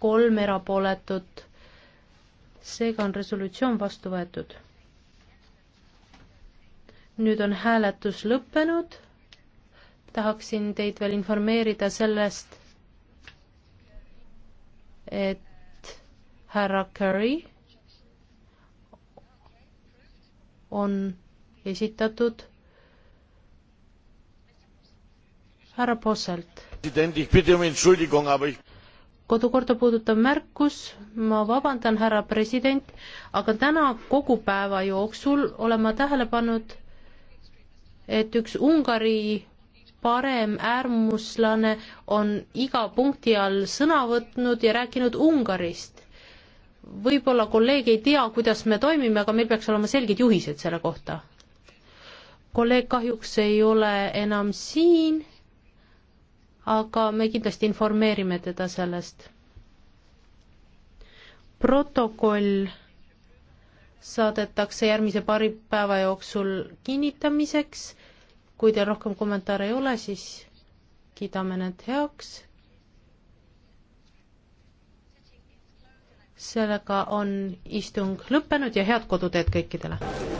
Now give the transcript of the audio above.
kolm erapooletut. seega on resolutsioon vastu võetud. nüüd on hääletus lõppenud. tahaksin teid veel informeerida sellest, et härra Curry on esitatud härra Posselt kodukorda puudutav märkus, ma vabandan, härra president, aga täna kogu päeva jooksul olen ma tähele pannud, et üks Ungari parem äärmuslane on iga punkti all sõna võtnud ja rääkinud Ungarist. võib-olla kolleeg ei tea, kuidas me toimime, aga meil peaks olema selged juhised selle kohta. kolleeg kahjuks ei ole enam siin aga me kindlasti informeerime teda sellest. protokoll saadetakse järgmise paari päeva jooksul kinnitamiseks. kui teil rohkem kommentaare ei ole, siis kiidame need heaks. sellega on istung lõppenud ja head koduteed kõikidele!